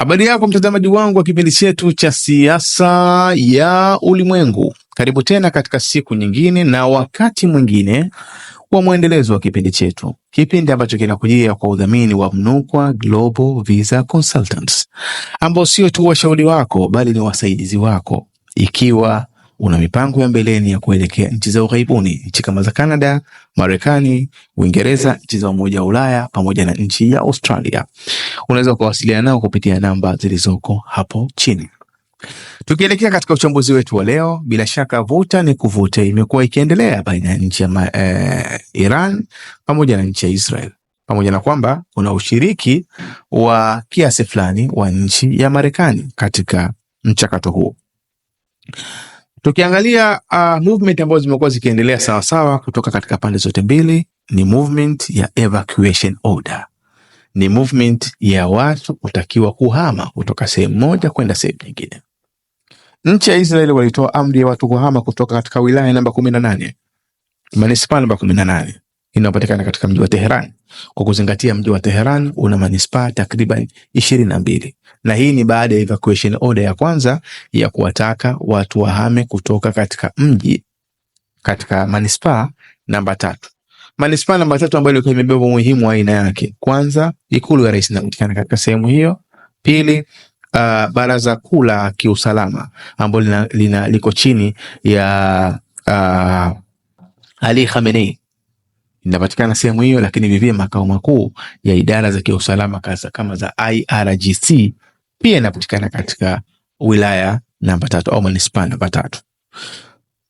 Habari yako mtazamaji wangu wa kipindi chetu cha siasa ya ulimwengu, karibu tena katika siku nyingine na wakati mwingine wa mwendelezo wa kipindi chetu, kipindi ambacho kinakujia kwa udhamini wa Mnukwa Global Visa Consultants, ambao sio tu washauri wako bali ni wasaidizi wako, ikiwa una mipango ya mbeleni ya kuelekea nchi za ughaibuni, nchi kama za Canada, Marekani, Uingereza, nchi za Umoja wa Ulaya pamoja na nchi ya Australia. Unaweza kuwasiliana nao kupitia namba zilizoko hapo chini. Tukielekea katika uchambuzi wetu wa leo, bila shaka vuta ni kuvute imekuwa ikiendelea baina ya nchi ya eh, Iran pamoja na nchi ya Israel pamoja na kwamba kuna ushiriki wa kiasi fulani wa nchi ya Marekani katika mchakato huo. Tukiangalia uh, movement ambazo zimekuwa zikiendelea sawasawa kutoka katika pande zote mbili ni movement ya evacuation order, ni movement ya watu kutakiwa kuhama kutoka sehemu moja kwenda sehemu nyingine. Nchi ya Israeli walitoa amri ya watu kuhama kutoka katika wilaya namba 18 manispaa namba 18 inayopatikana katika mji wa Teheran, kwa kuzingatia mji wa Teheran una manispaa takriban ishirini na mbili na hii ni baada ya evacuation order ya kwanza ya kuwataka watu wahame kutoka katika mji katika manispaa namba tatu. Manispaa namba tatu ambayo ilikuwa imebeba umuhimu wa aina yake. Kwanza, ikulu ya rais inapatikana katika sehemu hiyo. Pili, uh, baraza kuu la kiusalama ambalo lina, lina liko chini ya uh, Ali Khamenei inapatikana sehemu hiyo, lakini vivie makao makuu ya idara za kiusalama kama za IRGC pia inapatikana katika wilaya namba tatu au manispaa namba tatu.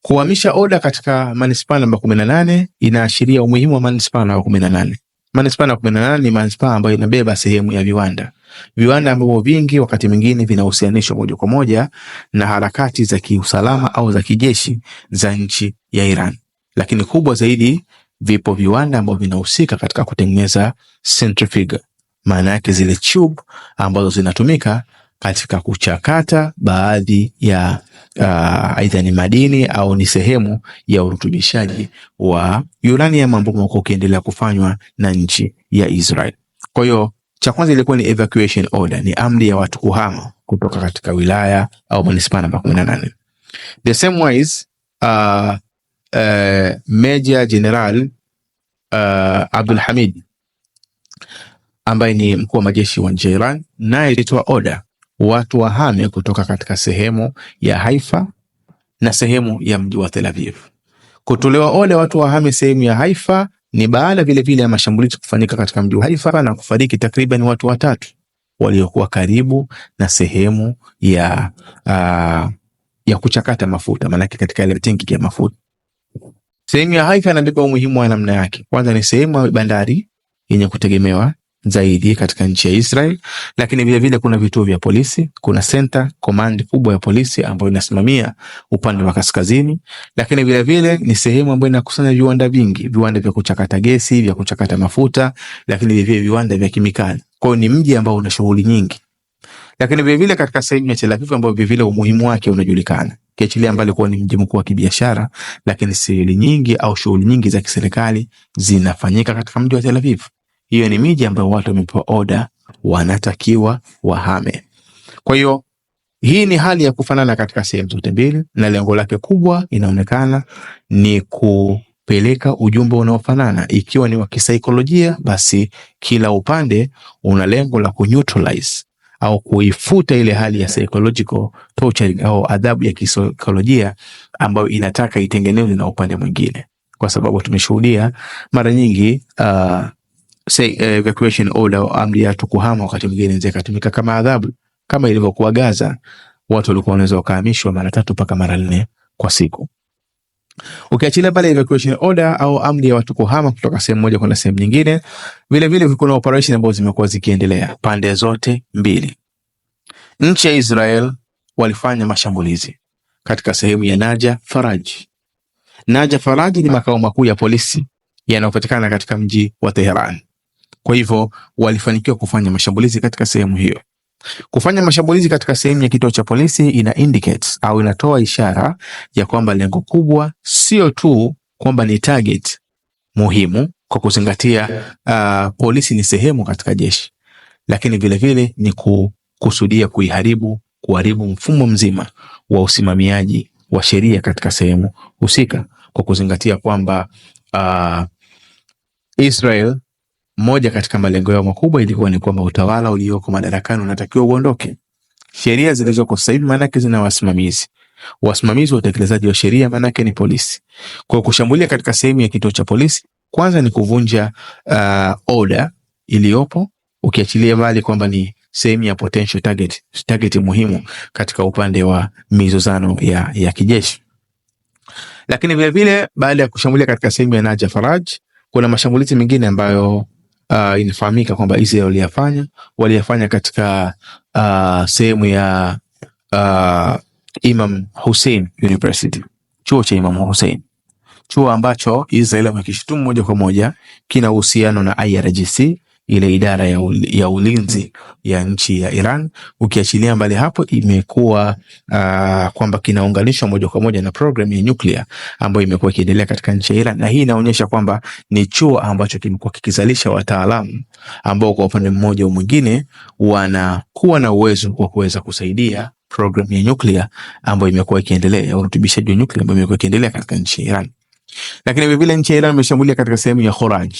Kuhamisha oda katika manispaa namba kumi na nane inaashiria umuhimu wa manispaa namba kumi na nane. Manispaa namba kumi na nane ni manispaa ambayo inabeba sehemu ya viwanda, viwanda ambavyo vingi wakati mwingine vinahusianishwa moja kwa moja na harakati za kiusalama au za kijeshi za nchi ya Iran, lakini kubwa zaidi vipo viwanda ambavyo vinahusika katika kutengeneza centrifuge maana yake zile tube ambazo zinatumika katika kuchakata baadhi ya uh, aidha ni madini au ni sehemu ya urutubishaji wa uranium ambao umekuwa ukiendelea kufanywa na nchi ya Israel. Kwa hiyo cha kwanza ilikuwa ni evacuation order, ni amri ya watu kuhama kutoka katika wilaya au manispaa namba 18. The same ways uh, uh, eh, Major General uh, ah, Abdul Hamid ambaye ni mkuu wa majeshi wa nje ya Iran, naye ilitoa oda watu wahame kutoka katika sehemu ya Haifa na sehemu ya mji wa Tel Aviv. Kutolewa oda watu wahame sehemu ya Haifa ni baada vilevile ya mashambulizi kufanyika katika mji wa Haifa na kufariki takriban watu watatu waliokuwa karibu na sehemu ya uh, ya kuchakata mafuta, maanake katika ile tenki ya mafuta. Sehemu ya Haifa inabeba umuhimu wa namna yake. Kwanza ni sehemu ya bandari yenye kutegemewa zaidi katika nchi ya Israel, lakini vilevile kuna vituo vya polisi, kuna center command kubwa ya polisi ambayo inasimamia upande wa kaskazini, lakini vilevile ni sehemu ambayo inakusanya viwanda vingi, viwanda vya kuchakata gesi, vya kuchakata mafuta, lakini vilevile viwanda vya kemikali. Kwa hiyo ni mji ambao una shughuli nyingi, lakini vilevile katika sehemu ya Tel Aviv ambayo vilevile umuhimu wake unajulikana kiachilia mbali kuwa ni mji mkuu wa kibiashara, lakini shughuli nyingi au shughuli nyingi za kiserikali zinafanyika katika mji wa Tel Aviv hiyo ni miji ambayo watu wamepewa oda, wanatakiwa wahame. Kwa hiyo hii ni hali ya kufanana katika sehemu zote mbili, na lengo lake kubwa inaonekana ni kupeleka ujumbe unaofanana. Ikiwa ni wa kisaikolojia, basi kila upande una lengo la kuneutralize au kuifuta ile hali ya psychological torture au adhabu ya kisaikolojia ambayo inataka itengenezwe na upande mwingine, kwa sababu tumeshuhudia mara nyingi uh, say uh, evacuation order au amri ya kuhama, wakati mwingine inaweza kutumika kama adhabu, kama ilivyokuwa Gaza, watu walikuwa wanaweza mara tatu mpaka mara nne kwa siku. Ukiachilia pale evacuation order au amri ya watu kuhama kutoka sehemu moja kwenda sehemu nyingine, vile vile kuna operation ambazo zimekuwa zikiendelea pande zote mbili. Nchi ya Israel walifanya mashambulizi katika sehemu ya Naja Faraji. Naja Faraji ni makao makuu ya polisi yanayopatikana katika mji wa teheran kwa hivyo walifanikiwa kufanya mashambulizi katika sehemu hiyo. Kufanya mashambulizi katika sehemu ya kituo cha polisi ina indicates au inatoa ishara ya kwamba lengo kubwa sio tu kwamba ni target muhimu kwa kuzingatia uh, polisi ni sehemu katika jeshi, lakini vilevile ni kukusudia kuiharibu, kuharibu mfumo mzima wa usimamiaji wa sheria katika sehemu husika, kwa kuzingatia kwamba uh, Israel moja katika malengo yao makubwa ilikuwa ni kwamba utawala ulioko madarakani unatakiwa uondoke. Sheria zilizoko sasa hivi maanake zina wasimamizi, wasimamizi wa utekelezaji wa sheria maanake ni polisi. Kwa kushambulia katika sehemu ya kituo cha polisi, kwanza ni kuvunja uh, order iliyopo, ukiachilia mbali kwamba ni sehemu ya potential target, target muhimu katika upande wa mizozano ya, ya kijeshi. Lakini vilevile baada ya kushambulia katika sehemu ya Naja Faraj, kuna mashambulizi mengine ambayo uh, inafahamika kwamba Israel waliyafanya waliyafanya katika uh, sehemu ya uh, Imam Hussein University, chuo cha Imam Hussein, chuo ambacho Israel wamekishutumu moja kwa moja kina uhusiano na IRGC ile idara ya, ul, ya ulinzi ya nchi ya Iran. Ukiachilia mbali hapo, imekuwa uh, kwamba kinaunganishwa moja kwa moja na program ya nyuklia ambayo imekuwa ikiendelea katika nchi ya Iran, na hii inaonyesha kwamba ni chuo ambacho kimekuwa kikizalisha wataalamu ambao kwa upande mmoja au mwingine wanakuwa na uwezo wa kuweza kusaidia programu ya nyuklia ambayo imekuwa ikiendelea ya urutubishaji wa nyuklia ambayo imekuwa ikiendelea katika nchi ya Iran. Lakini vilevile nchi ya Iran imeshambulia katika sehemu ya Khorasan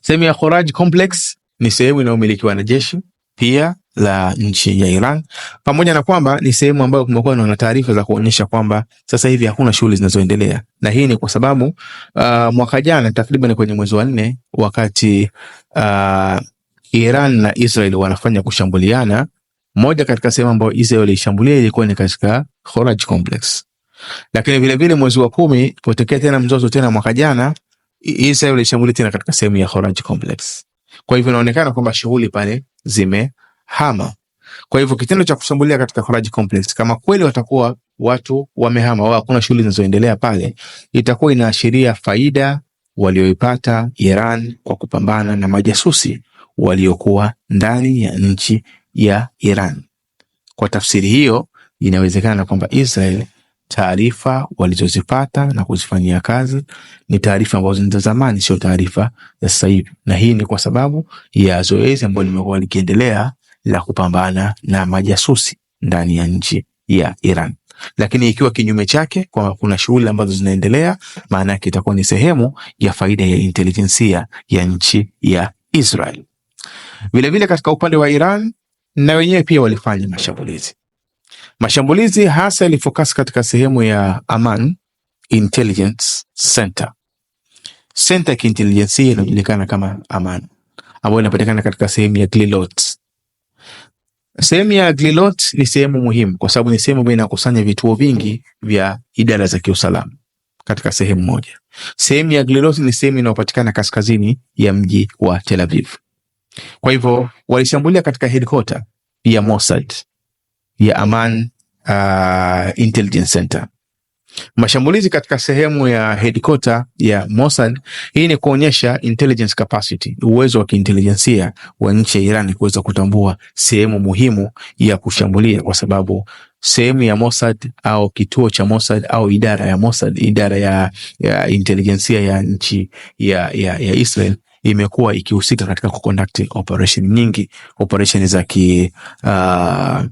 Sehemu ya Khoraj Complex ni sehemu inayomilikiwa na jeshi pia la nchi ya Iran, pamoja na kwamba ni sehemu ambayo kumekuwa na taarifa za kuonyesha kwamba sasa hivi hakuna shughuli zinazoendelea, na hii ni kwa sababu uh, mwaka jana takriban kwenye mwezi wa nne wakati uh, Iran na Israel wanafanya kushambuliana, moja katika sehemu ambayo Israel ilishambulia ilikuwa ni katika Khoraj Complex, lakini vilevile mwezi wa kumi potokea tena mzozo tena mwaka jana hii sehemu ilishambulia tena katika sehemu ya Kharaj complex. Kwa hivyo inaonekana kwamba shughuli pale zimehama. Kwa hivyo kitendo cha kushambulia katika Kharaj complex, kama kweli watakuwa watu wamehama au hakuna shughuli zinazoendelea pale, itakuwa inaashiria faida walioipata Iran kwa kupambana na majasusi waliokuwa ndani ya nchi ya Iran. Kwa tafsiri hiyo, inawezekana kwamba Israel taarifa walizozipata na kuzifanyia kazi ni taarifa ambazo ni za zamani, sio taarifa za sasa hivi, na hii ni kwa sababu ya zoezi ambalo limekuwa likiendelea la kupambana na majasusi ndani ya nchi ya Iran. Lakini ikiwa kinyume chake, kwamba kuna shughuli ambazo zinaendelea, maana yake itakuwa ni sehemu ya faida ya intelijensia ya nchi ya Israel. Vilevile katika upande wa Iran na wenyewe pia walifanya mashambulizi Mashambulizi hasa yalifokasi katika sehemu ya Aman Intelligence Center, senta ya kiintelijensia inayojulikana kama Aman ambayo inapatikana katika sehemu ya Glilot. Sehemu ya Glilot ni sehemu muhimu kwa sababu ni sehemu ambayo inakusanya vituo vingi vya idara za kiusalama katika sehemu moja. Sehemu ya Glilot ni sehemu inayopatikana kaskazini ya mji wa Tel Aviv. Kwa hivyo walishambulia katika headquarter ya Mossad ya Aman uh, Intelligence Center. Mashambulizi katika sehemu ya headquarter ya Mossad, hii ni kuonyesha intelligence capacity, uwezo wa kiintelijensia wa nchi ya Iran kuweza kutambua sehemu muhimu ya kushambulia, kwa sababu sehemu ya Mossad au kituo cha Mossad au idara ya Mossad, idara ya, ya intelijensia ya nchi ya, ya, ya Israel imekuwa ikihusika katika kuconduct operation nyingi, operation za ki uh,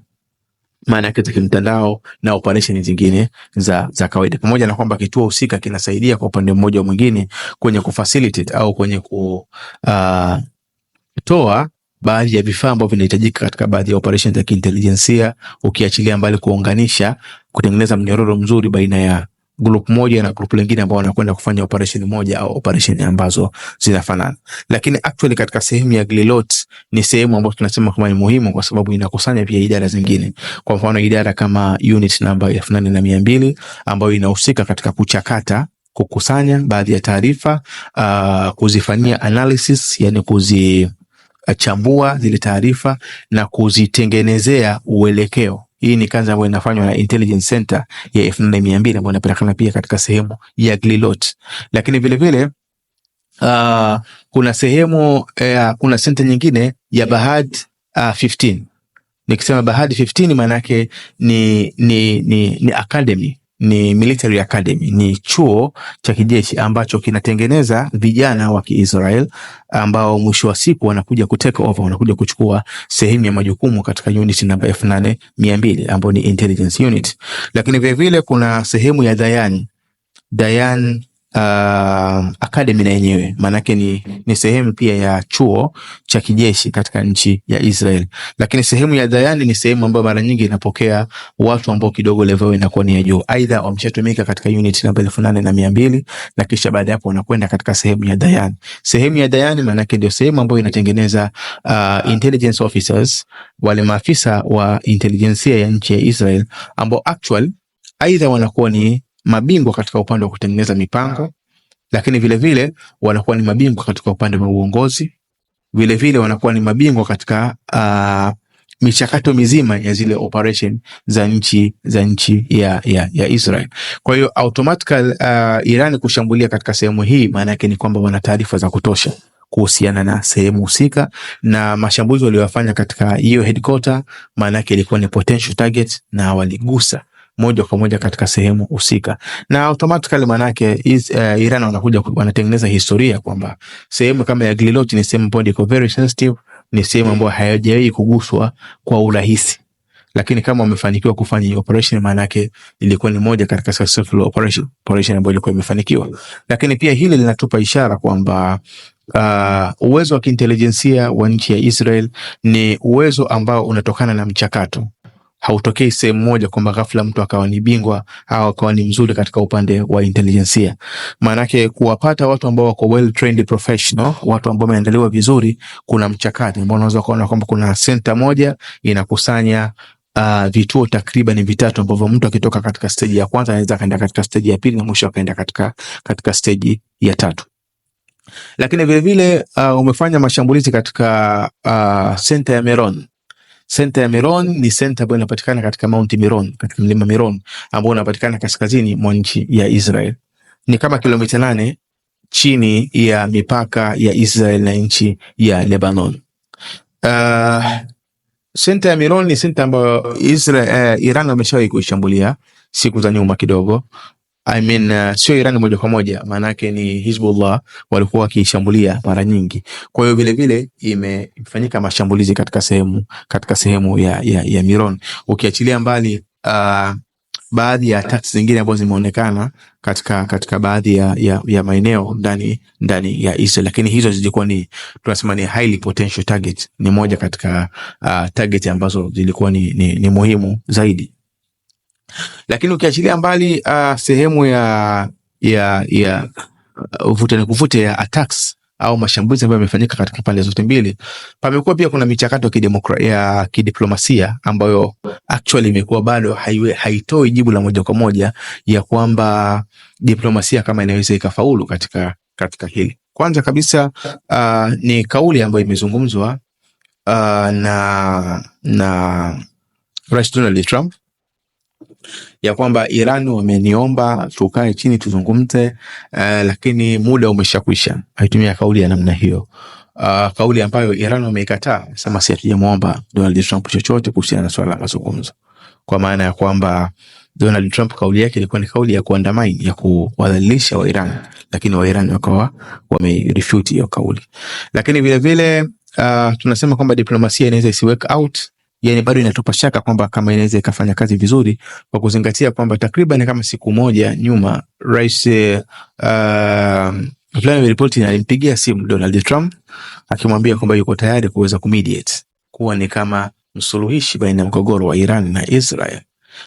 maana yake za kimtandao na operesheni zingine za, za kawaida, pamoja na kwamba kituo husika kinasaidia kwa upande mmoja mwingine kwenye kufacilitate au kwenye uh, kutoa uh, baadhi ya vifaa ambavyo vinahitajika katika baadhi ya operesheni za kiintelijensia, ukiachilia mbali kuunganisha, kutengeneza mnyororo mzuri baina ya group moja na group lingine ambao wanakwenda kufanya operation moja au operation ambazo zinafanana. Lakini actually katika sehemu ya Glilot ni sehemu ambayo tunasema kama ni muhimu kwa sababu inakusanya pia idara zingine. Kwa mfano, idara kama unit namba elfu mbili ambayo inahusika katika kuchakata kukusanya baadhi ya taarifa uh, kuzifanyia analysis yani kuzichambua zile taarifa na kuzitengenezea uelekeo hii ni kazi ambayo inafanywa na Intelligence Center ya elfu mia mbili ambayo inapatikana pia katika sehemu ya Glilot, lakini vilevile uh, ah, kuna sehemu uh, kuna center nyingine ya Bahad uh, ah, 15. Nikisema Bahad 15 maana yake ni, ni, ni, ni academy ni military academy, ni chuo cha kijeshi ambacho kinatengeneza vijana wa Kiisrael ambao mwisho wa siku wanakuja ku take over, wanakuja kuchukua sehemu ya majukumu katika unit namba elfu nane mia mbili ambayo ni intelligence unit. Lakini vilevile kuna sehemu ya Dayan, Dayan uh, akademi na yenyewe maanake ni, ni sehemu pia ya chuo cha kijeshi katika nchi ya Israel, lakini sehemu ya Dayani ni sehemu ambayo mara nyingi inapokea watu ambao kidogo level inakuwa ni ya juu, aidha wameshatumika katika unit namba elfu nane na mia mbili na kisha baada ya hapo wanakwenda katika sehemu ya Dayan. Sehemu ya Dayani maanake ndio sehemu ambayo inatengeneza uh, intelligence officers, wale maafisa wa intelijensia ya nchi ya Israel ambao actual aidha wanakuwa ni mabingwa katika upande wa kutengeneza mipango, lakini vilevile vile, wanakuwa ni mabingwa katika upande wa uongozi, vilevile vile, wanakuwa ni mabingwa katika uh, michakato mizima ya zile operation za nchi za nchi ya, ya, ya Israel. Kwa hiyo automatically uh, Iran kushambulia katika sehemu hii maana yake ni kwamba wana taarifa za kutosha kuhusiana na sehemu husika na mashambulizi waliyofanya katika hiyo headquarter, maana yake ilikuwa ni potential target na waligusa moja kwa moja katika sehemu husika, na automatically manake is, uh, Iran wanakuja wanatengeneza historia kwamba sehemu kama ya Glilot ni sehemu ambayo iko very sensitive, ni sehemu ambayo hayajawahi kuguswa kwa urahisi lakini kama wamefanikiwa kufanya hiyo operation, maana yake ilikuwa ni moja katika successful operation, operation ambayo ilikuwa imefanikiwa. Lakini pia hili linatupa ishara kwamba uh, uwezo wa kiintelijensia wa nchi ya Israel ni uwezo ambao unatokana na mchakato hautokei sehemu moja kwamba ghafla mtu akawa ni bingwa au akawa ni mzuri katika upande wa intelijensia. Maanake kuwapata watu ambao wako well trained professional, watu ambao wameandaliwa vizuri, kuna mchakato ambao unaweza kuona kwamba kuna senta moja inakusanya Uh, vituo takriban vitatu ambavyo mtu akitoka katika steji ya kwanza anaweza akaenda katika steji ya pili na mwisho akaenda katika, katika steji ya tatu. Lakini vilevile uh, umefanya mashambulizi katika uh, senta ya Meron Senta ya miron ni senta ambayo inapatikana katika Mount miron katika mlima miron ambao unapatikana kaskazini mwa nchi ya Israel. Ni kama kilomita nane chini ya mipaka ya Israel na nchi ya Lebanon. Uh, senta ya miron ni senta ambayo Israel, uh, Iran wameshawahi kuishambulia siku za nyuma kidogo, I mean, uh, sio Iran moja kwa moja, maanake ni Hizbullah walikuwa wakishambulia mara nyingi. Kwa hiyo vilevile imefanyika mashambulizi katika sehemu katika sehemu ya, ya, ya Miron, ukiachilia mbali uh, baadhi ya tati zingine ambazo zimeonekana katika katika baadhi ya, ya, ya maeneo ndani ndani ya Israel, lakini hizo zilikuwa ni tunasema ni highly potential target, ni moja katika uh, target ambazo zilikuwa ni, ni, ni muhimu zaidi. Lakini ukiachilia mbali uh, sehemu ya ya ya uh, uvute na kuvute ya attacks au mashambulizi ambayo yamefanyika katika pande zote mbili, pamekuwa pia kuna michakato ya kidiplomasia ambayo actually imekuwa bado haitoi jibu la moja kwa moja ya kwamba diplomasia kama inaweza ikafaulu katika, katika hili. Kwanza kabisa uh, ni kauli ambayo imezungumzwa uh, na, na Rais Donald Trump ya kwamba Iran wameniomba tukae chini tuzungumze, uh, lakini muda umeshakwisha. Aitumia kauli ya namna hiyo, uh, kauli ambayo Iran wameikataa, sema si hatujamuomba Donald Trump chochote kuhusiana na swala la mazungumzo, kwa maana ya kwamba Donald Trump kauli yake ilikuwa ni kauli ya kuandamaini ya kuwadhalilisha wa Iran, lakini wa Iran wakawa wamerefute hiyo kauli. Lakini vile vile uh, tunasema kwamba diplomasia inaweza isiweke out yani bado inatupa shaka kwamba kama inaweza ikafanya kazi vizuri, kwa kuzingatia kwamba takriban kama siku moja nyuma rais uh, Vladimir Putin alimpigia simu Donald Trump akimwambia kwamba yuko tayari kuweza kumediate, kuwa ni kama msuluhishi baina ya mgogoro wa Iran na Israel.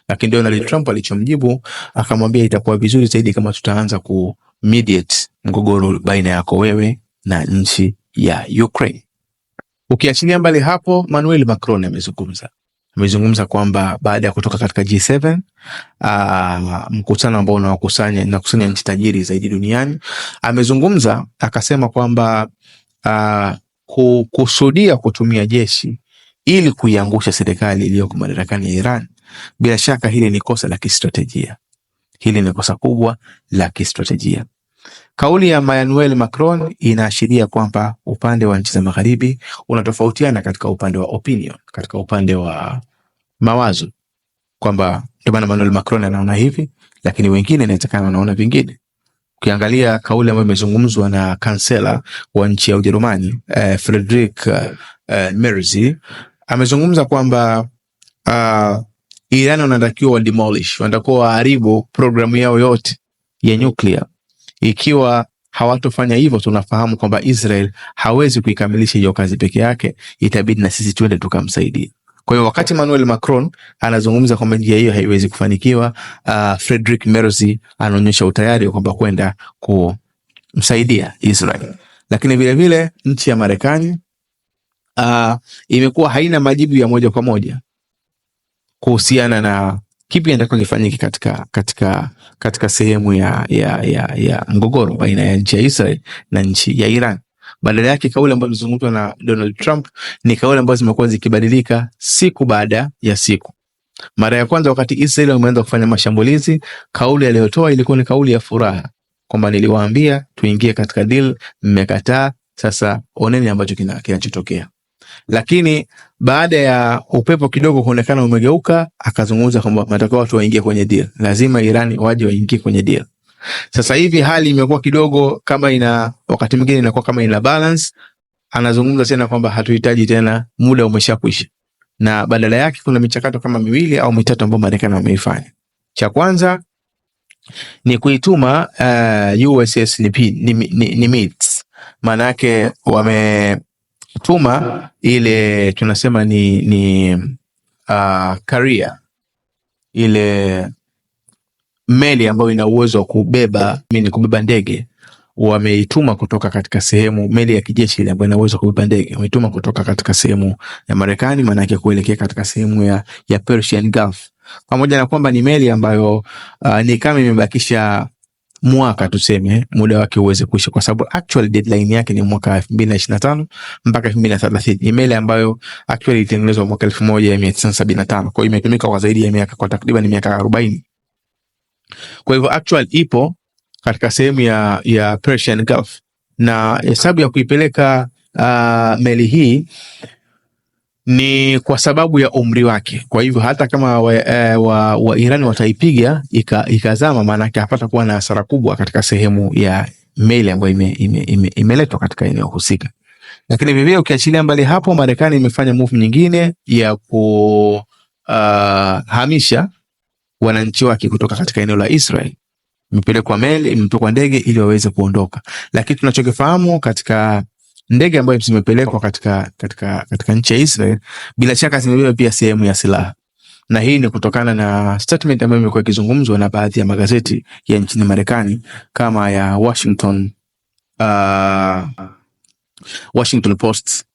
Lakini Donald Trump alichomjibu akamwambia, itakuwa vizuri zaidi kama tutaanza kumediate mgogoro baina yako wewe na nchi ya Ukraine. Ukiachilia mbali hapo, Manuel Macron amezungumza amezungumza kwamba baada ya kutoka katika G7 ah, mkutano ambao unawakusanya nakusanya nchi tajiri zaidi duniani, amezungumza akasema kwamba ah, kukusudia kusudia kutumia jeshi ili kuiangusha serikali iliyoko madarakani ya Iran, bila shaka hili ni kosa la kistratejia, hili ni kosa kubwa la kistratejia. Kauli ya Emmanuel Macron inaashiria kwamba upande wa nchi za magharibi unatofautiana katika upande wa opinion, katika upande wa mawazo, kwamba ndio maana Emmanuel Macron anaona hivi, lakini wengine inawezekana wanaona vingine. Ukiangalia kauli ambayo imezungumzwa na kansela wa nchi ya Ujerumani eh, Friedrich eh, eh Merz amezungumza kwamba uh, Iran wanatakiwa demolish, wanatakiwa waharibu programu yao yote ya nyuklia ikiwa hawatofanya hivyo, tunafahamu kwamba Israel hawezi kuikamilisha hiyo kazi peke yake, itabidi na sisi tuende tukamsaidia. Kwa hiyo wakati Emmanuel Macron anazungumza kwamba njia hiyo haiwezi kufanikiwa, uh, Frederic Merzi anaonyesha utayari kwamba kwenda kumsaidia Israel, lakini vilevile nchi ya Marekani uh, imekuwa haina majibu ya moja kwa moja kuhusiana na kipi inatakiwa kifanyike katika, katika, katika sehemu ya, ya, ya, ya mgogoro baina ya nchi ya Israel na nchi ya Iran. Badala yake kauli ambayo zimezungumzwa na Donald Trump ni kauli ambazo zimekuwa zikibadilika siku baada ya siku. Mara ya kwanza wakati Israel wameanza kufanya mashambulizi, kauli aliyotoa ilikuwa ni kauli ya furaha kwamba niliwaambia tuingie katika deal, mmekataa, sasa oneni ambacho kinachotokea. kina lakini baada ya upepo kidogo kuonekana umegeuka, akazungumza kwamba matokeo watu waingie kwenye deal, lazima Irani waje waingie kwenye deal. Sasa hivi hali imekuwa kidogo kama ina wakati mwingine inakuwa kama ina balance. Anazungumza tena kwamba hatuhitaji tena, muda umeshakwisha, na badala yake kuna michakato kama miwili au mitatu ambayo Marekani wameifanya. Cha kwanza ni kuituma uh, eh, USS Nimitz, maana yake wame tuma ile tunasema ni, ni uh, ile meli ambayo ina uwezo wa kubeba mini kubeba ndege wameituma kutoka katika sehemu meli ya kijeshi ile ambayo ina uwezo kubeba ndege wameituma kutoka katika sehemu ya Marekani, maana yake kuelekea katika sehemu ya, ya Persian Gulf, pamoja na kwamba ni meli ambayo uh, ni kama imebakisha mwaka tuseme, muda wake uweze kuisha, kwa sababu actual deadline yake ni mwaka elfu mbili na na tano mpaka elfu mbili na thelathini. Ni meli ambayo actually ilitengenezwa mwaka elfu moja mia sabini na tano kwa hiyo imetumika kwa zaidi ya miaka, kwa takriban miaka arobaini. Kwa hivyo actual ipo katika sehemu ya, ya Persian Gulf na hesabu ya kuipeleka uh, meli hii ni kwa sababu ya umri wake. Kwa hivyo hata kama Wairani eh, wa, wa Irani wataipiga ikazama, maanake hapata kuwa na hasara kubwa katika sehemu ya meli ambayo imeletwa ime, ime, ime katika eneo husika. Lakini vivile ukiachilia mbali hapo, Marekani imefanya move nyingine ya kuhamisha ah, uh, wananchi wake kutoka katika eneo la Israel imepelekwa meli, imepelekwa ndege ili waweze kuondoka, lakini tunachokifahamu katika ndege ambayo zimepelekwa katika, katika, katika nchi ya Israel bila shaka zimebeba pia sehemu ya silaha, na hii ni kutokana na statement ambayo imekuwa ikizungumzwa na baadhi ya magazeti ya nchini Marekani kama ya Washington, uh, Washington Post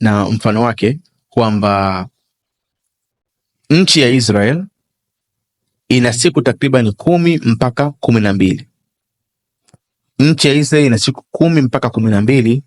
na mfano wake kwamba nchi ya Israel ina siku takriban kumi mpaka kumi na mbili nchi ya Israel ina siku kumi mpaka kumi na mbili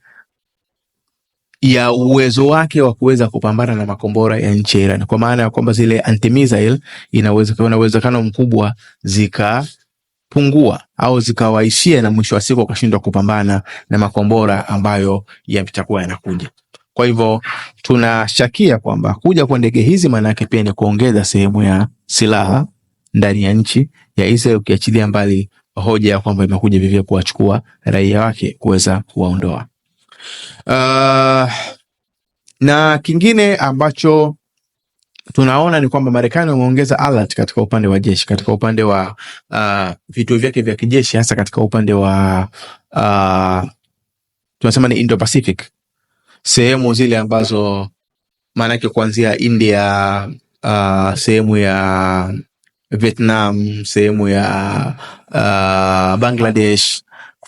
ya uwezo wake wa kuweza kupambana na makombora ya nchi ya Iran, kwa maana ya kwamba zile anti-missile ina uwezekano mkubwa zikapungua au zikawaishia, na mwisho wa siku wakashindwa kupambana na makombora ambayo yatakuwa yanakuja. Kwa hivyo tunashakia kwamba kuja kwa ndege hizi maana yake pia ni kuongeza sehemu ya silaha ndani ya nchi ya Israel, ukiachilia mbali hoja ya kwamba imekuja vivyo kuwachukua raia wake kuweza kuwaondoa. Uh, na kingine ambacho tunaona ni kwamba Marekani wameongeza alert katika upande wa jeshi, katika upande wa uh, vituo vyake vya kijeshi, hasa katika upande wa uh, tunasema ni Indo Pacific, sehemu zile ambazo maanake kuanzia India uh, sehemu ya Vietnam, sehemu ya uh, Bangladesh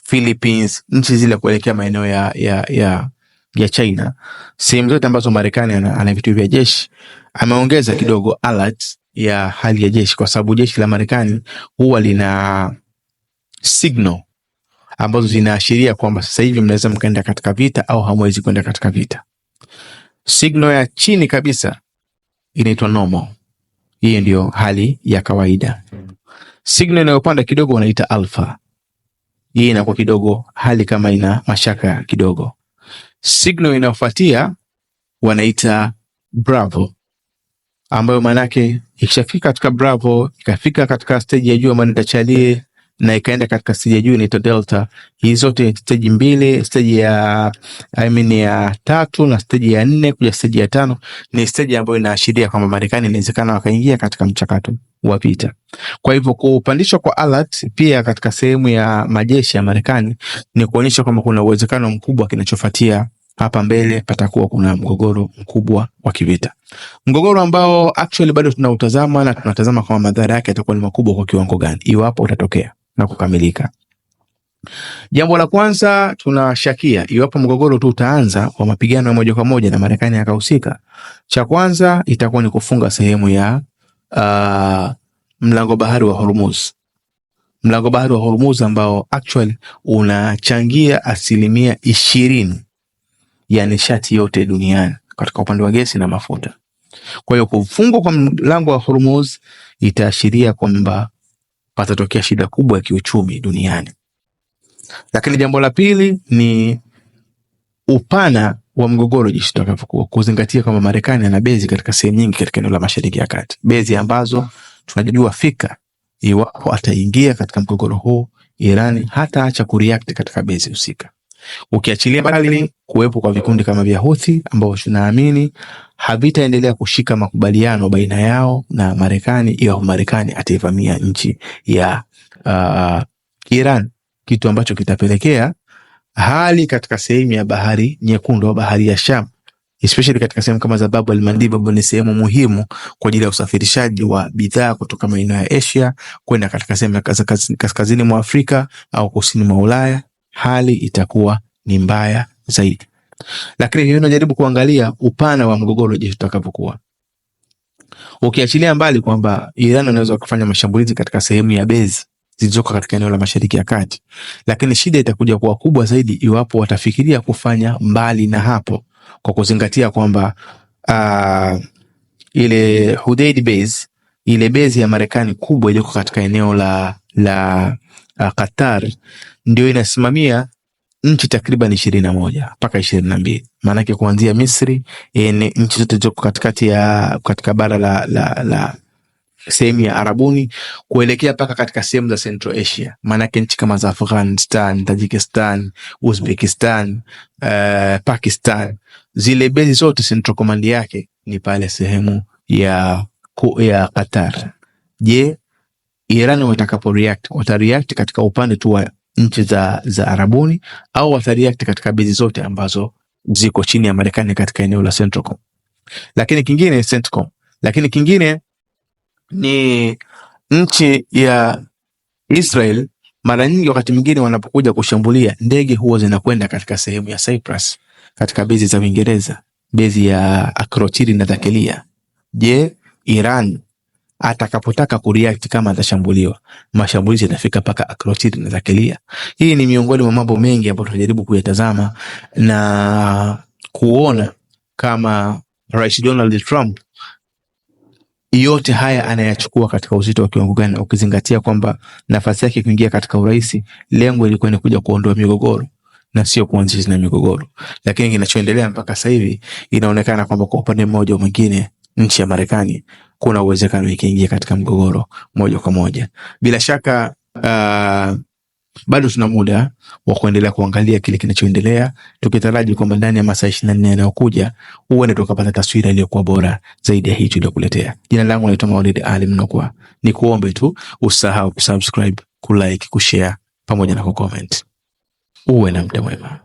Philippines, nchi zile kuelekea maeneo ya, ya, ya, ya China, sehemu zote ambazo Marekani ana, ana vitu vya jeshi, ameongeza kidogo alert ya hali ya jeshi, kwa sababu jeshi la Marekani huwa lina signal ambazo zinaashiria kwamba sasa hivi mnaweza mkaenda katika vita au hamwezi kwenda katika vita. Signal ya chini kabisa inaitwa normal, hiyo ndio hali ya kawaida. Signal inayopanda kidogo wanaita alpha hii inakuwa kidogo hali kama ina mashaka kidogo. Signal inayofuatia wanaita Bravo, ambayo maanake ikishafika katika Bravo, ikafika katika stage ya juu ambayo nitachalie na ikaenda katika stage ya juu inaitwa delta. Hizi zote ni stage mbili, stage ya I mean ya tatu na stage ya nne kuja stage ya tano ni stage ambayo inaashiria kwamba Marekani inawezekana wakaingia katika mchakato wa vita. Kwa hivyo kupandishwa kwa alert pia katika sehemu ya majeshi ya Marekani ni kuonyesha kwamba kuna uwezekano mkubwa kinachofuatia hapa mbele patakuwa kuna mgogoro mkubwa wa kivita, mgogoro ambao actually bado tunautazama na tunatazama kama madhara yake yatakuwa ni makubwa kwa kiwango gani iwapo utatokea na kukamilika. Jambo la kwanza, tunashakia iwapo mgogoro tu utaanza kwa mapigano ya moja kwa moja na Marekani yakahusika, cha kwanza itakuwa ni kufunga sehemu ya uh, mlango bahari wa Hormuz, mlango bahari wa Hormuz ambao actually unachangia asilimia ishirini ya nishati yote duniani katika upande wa gesi na mafuta. Kwa hiyo kufungwa kwa mlango wa Hormuz itaashiria kwamba patatokea shida kubwa ya kiuchumi duniani. Lakini jambo la pili ni upana wa mgogoro jinsi utakavyokuwa, kuzingatia kwamba Marekani ana bezi katika sehemu nyingi katika eneo la Mashariki ya Kati, bezi ambazo tunajua fika iwapo ataingia katika mgogoro huu, Iran hata acha kureact katika bezi husika, ukiachilia mbali kuwepo kwa vikundi kama vya Houthi ambao tunaamini havitaendelea kushika makubaliano baina yao na Marekani iwapo Marekani ataivamia nchi ya uh, Iran, kitu ambacho kitapelekea hali katika sehemu ya bahari nyekundu au bahari ya Sham especially katika sehemu kama za Bab al-Mandeb ambayo ni sehemu muhimu kwa ajili ya usafirishaji wa bidhaa kutoka maeneo ya Asia kwenda katika sehemu ya kaskazini mwa Afrika au kusini mwa Ulaya, hali itakuwa ni mbaya zaidi lakini hiyo unajaribu kuangalia upana wa mgogoro jinsi utakavyokuwa ukiachilia mbali kwamba Iran wanaweza kufanya mashambulizi katika sehemu ya bezi zilizoko katika eneo la Mashariki ya Kati, lakini shida itakuja kuwa kubwa zaidi iwapo watafikiria kufanya mbali na hapo, kwa kuzingatia kwamba uh, ile Hudaid base, ile bezi ya Marekani kubwa iliyoko katika eneo la la uh, Qatar ndio inasimamia nchi takriban ishirini na moja mpaka ishirini na mbili maanake kuanzia Misri e, ni nchi zote zilizoko katikati ya katika bara la, la, la sehemu ya Arabuni kuelekea mpaka katika sehemu za Central Asia, maanake nchi kama za Afghanistan, Tajikistan, Uzbekistan, uh, Pakistan, zile bezi zote Central Command yake ni pale sehemu ya, ya Qatar. Je, Iran watakapo react watareact katika upande tu wa nchi za, za Arabuni au watareact katika bezi zote ambazo ziko chini ya Marekani katika eneo la Centcom. Lakini kingine Centcom, lakini kingine ni nchi ya Israel. Mara nyingi wakati mwingine wanapokuja kushambulia, ndege huwa zinakwenda katika sehemu ya Cyprus, katika bezi za Uingereza, bezi ya Akrotiri na Dhakelia. Je, Iran atakapotaka kureact kama atashambuliwa, mashambulizi yanafika paka akrotiri na zakilia. Hii ni miongoni mwa mambo mengi ambayo tunajaribu kuyatazama na kuona kama Rais Donald Trump yote haya anayachukua katika uzito wa kiwango gani, ukizingatia kwamba nafasi yake kuingia katika urais lengo ilikuwa ni kuja kuondoa migogoro na sio kuanzisha na migogoro. Lakini kinachoendelea mpaka sasa hivi inaonekana kwamba kwa upande mmoja au mwingine nchi ya Marekani kuna uwezekano ikiingia katika mgogoro moja kwa moja. Bila shaka uh, bado tuna muda wa kuendelea kuangalia kile kinachoendelea, tukitaraji kwamba ndani ya masaa ishirini na nne yanayokuja huenda tukapata taswira iliyokuwa bora zaidi ya hii tuliyokuletea. Jina langu naitwa Maulid Ali Mnukwa, ni kuombe tu usahau kusubscribe, kulike, kushare pamoja na kucomment. Uwe na mda mwema.